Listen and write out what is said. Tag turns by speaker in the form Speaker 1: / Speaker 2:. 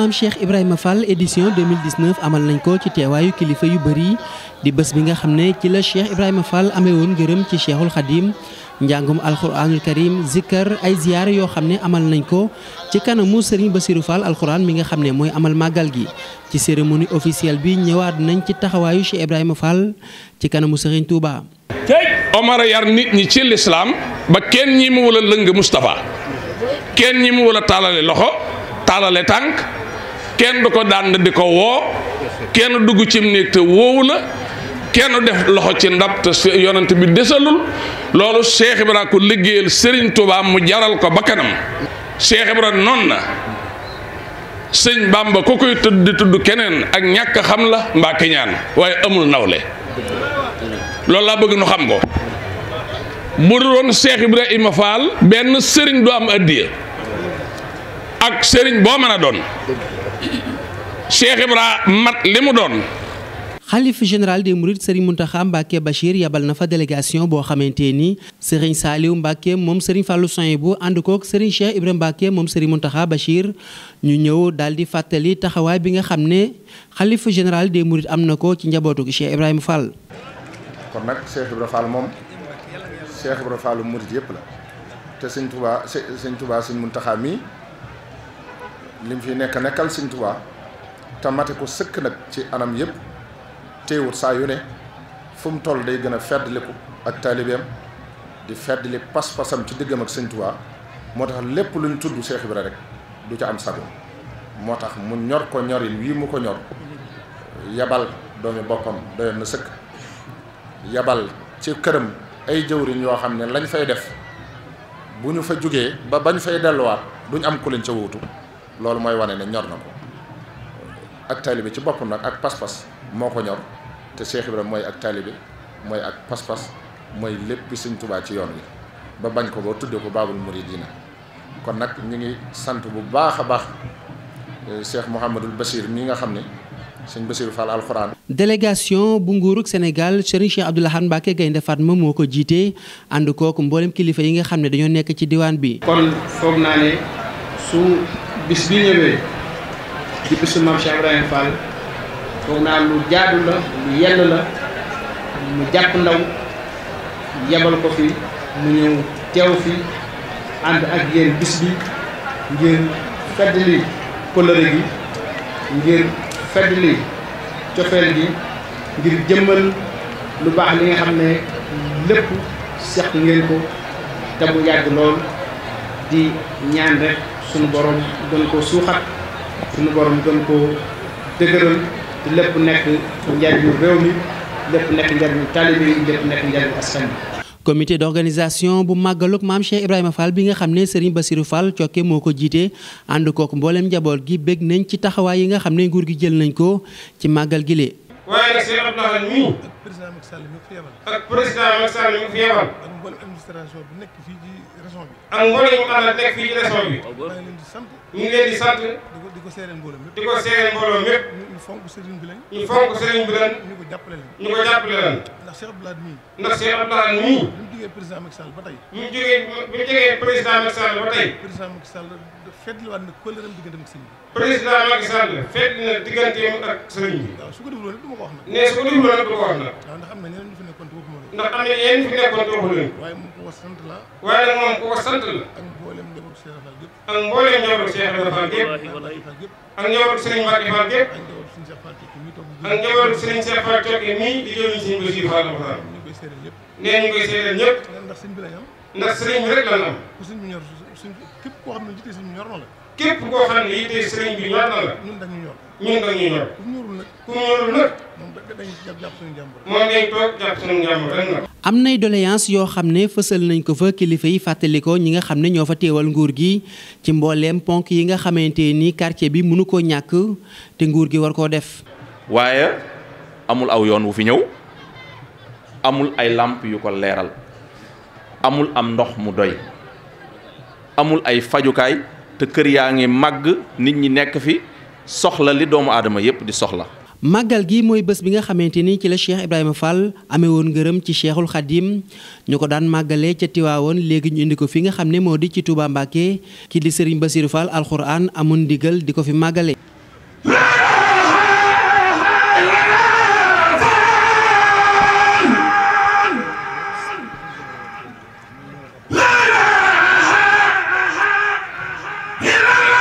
Speaker 1: Maam Cheikh Ibrahima Fall édition 2019 amal nañ ko ci teewaayu kilifa yu bëri di bés bi nga xam ne ci la Cheikh Ibrahima Fall amee woon ngërëm ci Cheikhul Khadim njàngum alxuraanul karim zikkar ay ziyaar yoo xam ne amal nañ ko ci kanamu Serigne Bassirou Fall alxuraan mi nga xam ne mooy amal màggal gi ci cérémonie officielle bi ñëwaat nañ ci taxawaayu Cheikh Ibrahima Fall ci kanamu Serigne Touba.
Speaker 2: Omar yar nit ñi ci lislaam ba kenn ñi mu wala lëng Moustapha kenn ñi mu wala taalale loxo taalale tànk. kenn du ko dànd di ko woo kenn dugg cim néeg te woowu la kenn def loxo ci ndab te yonent bi desalul loolu Cheikh Ibra ko liggéeyal sëriñ Touba mu jaral ko ba kanam Cheikh Ibra noonu na sëñ Bamba ku koy tudd di tudd keneen ak ñàkk xam la mbaa kiñaan waaye amul nawle loolu laa bëgg nu xam ko bu dul woon Cheikh Ibrahima Fall benn sëriñ du am addiya ak sëriñ boo mën a doon Cheikh Ibra mat li mu doon.
Speaker 1: xalif général des Mourides Serigne Mountakha Mbacke Bachir yabal na fa délégation boo xamante ni Serigne Saliou Mbacke moom Serigne Fallou Souhaïbou ànd kook Serigne Cheikh Ibrahima Mbacke moom Serigne Mountakha Bachir ñu ñëw daal di fàttali taxawaay bi nga xam ne xalif général des Mourides am na ko ci njabootu Cheikh Ibrahima Fall.
Speaker 3: kon nag Cheikh Ibrahima moom Cheikh Ibrahima Fall Mouride la te Serigne Touba Serigne Touba Serigne lim fi nekk nekkal te mate ko sëkk nag ci anam yëpp téewut saa yu ne fu mu toll day gën a ko ak taalibeem di feddali pas-pasam ci diggam ak Sëñ Tuubaa moo tax lépp luñ tudd Seex Ibra rek du ca am sago moo tax mu ñor ko ñorin wii mu ko ñor yabal doomi boppam doyoon na sëkk yabal ci këram ay jëwriñ yoo xam ne lañ fay def bu ñu fa jógee ba bañ fay delluwaat duñ am ku leen ca wuutu loolu mooy wane ne ñor na ko ak taalibe ci boppam nag ak pas-pas moo ko ñor te Cheikh Ibrahima mooy ak taalibe mooy ak pas-pas mooy lépp Sëñ Tuubaa ci yoon wi ba bañ ko ba tudde ko Baabul Muridiina kon nag ñu ngi sant bu baax a baax euh, Cheikh Mouhamadul Bachir mi nga xam ne sëñ Bachir Fall alxuraan.
Speaker 1: délégation bu nguurug Sénégal Serigne Cheikh Abdou Lahad Mbacké Gaynde Fatma moo ko jiitee ànd kooku mboolem kilifa yi nga xam ne dañoo nekk ci diwaan bi. kon foog naa ne su ci bisu maam Cheikh Ibrahima Fall foog naa lu jaadu la lu yell la mu jàpp ndaw yebal ko fi mu ñëw teew fi ànd ak yéen bis bi ngir feddali kóllëre gi
Speaker 3: ngir feddali cofeel gi ngir jëmmal
Speaker 1: lu baax li nga xam ne lépp seq ngeen ko te mu yàgg lool di ñaan rek sunu borom gën ko suuxat suñu borom gën koo dëgëral te lépp nekk njariñu réew mi lépp nekk njariñu
Speaker 3: taalibe yi lépp nekk njariñu askan bi
Speaker 1: comité d'organisation bu màggalug maam Cheikh Ibrahima Fall bi nga xam ne Serigne Bassirou Fall Cokke moo ko jiite ànd kook mbooleem njaboot gi bég nañ ci taxawaay yi nga xam ne nguur gi jël nañ ko ci màggal gi lee
Speaker 3: président Macky Sall mi ko fi yebal. ak président Macky Sall mi ko fi yebal. ak mboolem administration bi nekk fii ci région bi. ak mboolem ñu ànd ak nekk fii ci région bi. maa ngi leen di sant. ñu ngi leen di sant. di ko di ko seereen mbooloo mépp. di ko seereen mbooloo mépp. ñu fonk sëriñ bi lañ. ñu fonk sëriñ bi lañ. ñu ko jàppale lañ. ñu ko jàppale lañ. ndax Cheikh Abdoulaye mii. ndax Cheikh Abdoulaye mii. bi mu jógee président Macky Sall ba tey.
Speaker 2: bi mu jógee bi mu jógee président
Speaker 3: Macky Sall ba tey. président Macky Sall fetliwaat na kóllëram digganteem ak sëriñ bi. président Macky Sall
Speaker 1: fetli
Speaker 2: na digganteem ak sëriñ bi.
Speaker 1: waaw su ko defloo nag du ma ko wax nag.
Speaker 3: ne su ko defloo nag du ko
Speaker 2: wax nag. nag. waaw
Speaker 1: ndax am na
Speaker 3: ñeneen ñu fi nekkoon te waxuma leen. ndax am na ñeneen ñu fi nekkoon te waxuma leen. waaye moom ko sant la. waaye moom ko sant la. ak mboolem njabootu Cheikh Ibra Fall gépp. ak mboolem njabootu Cheikh Ibra Fall gépp. ak njabootu koy seedeel ñëpp. nee ñu koy seedeel ndax Serigne bi képp na la. ñun
Speaker 1: am nay doléance yoo xam ne fësal nañ ko fa kilifa yi fàttalikoo ñi nga xam ne ñoo fa teewal nguur gi ci mbooleem ponk yi nga xamante ni quartier bi mënu koo ñàkk te nguur gi war koo def.
Speaker 3: waaye amul aw yoon wu fi ñëw amul ay làmp yu ko leeral amul am ndox mu doy amul ay fajukaay. te kër yaa ngi màgg nit ñi nekk fi soxla li doomu aadama yépp di soxla.
Speaker 1: màggal gi mooy bés bi nga xamante ni ci la Cheikh Ibrahima fal amee woon ngërëm ci Cheikhul Khadim ñu ko daan màggalee ca Tiwaawoon léegi ñu indi ko fi nga xam ne moo di ci Touba Mbacké ki di Serigne Bassirou Fall alxuraan amoon ndigal di ko fi màggale
Speaker 2: Yeah!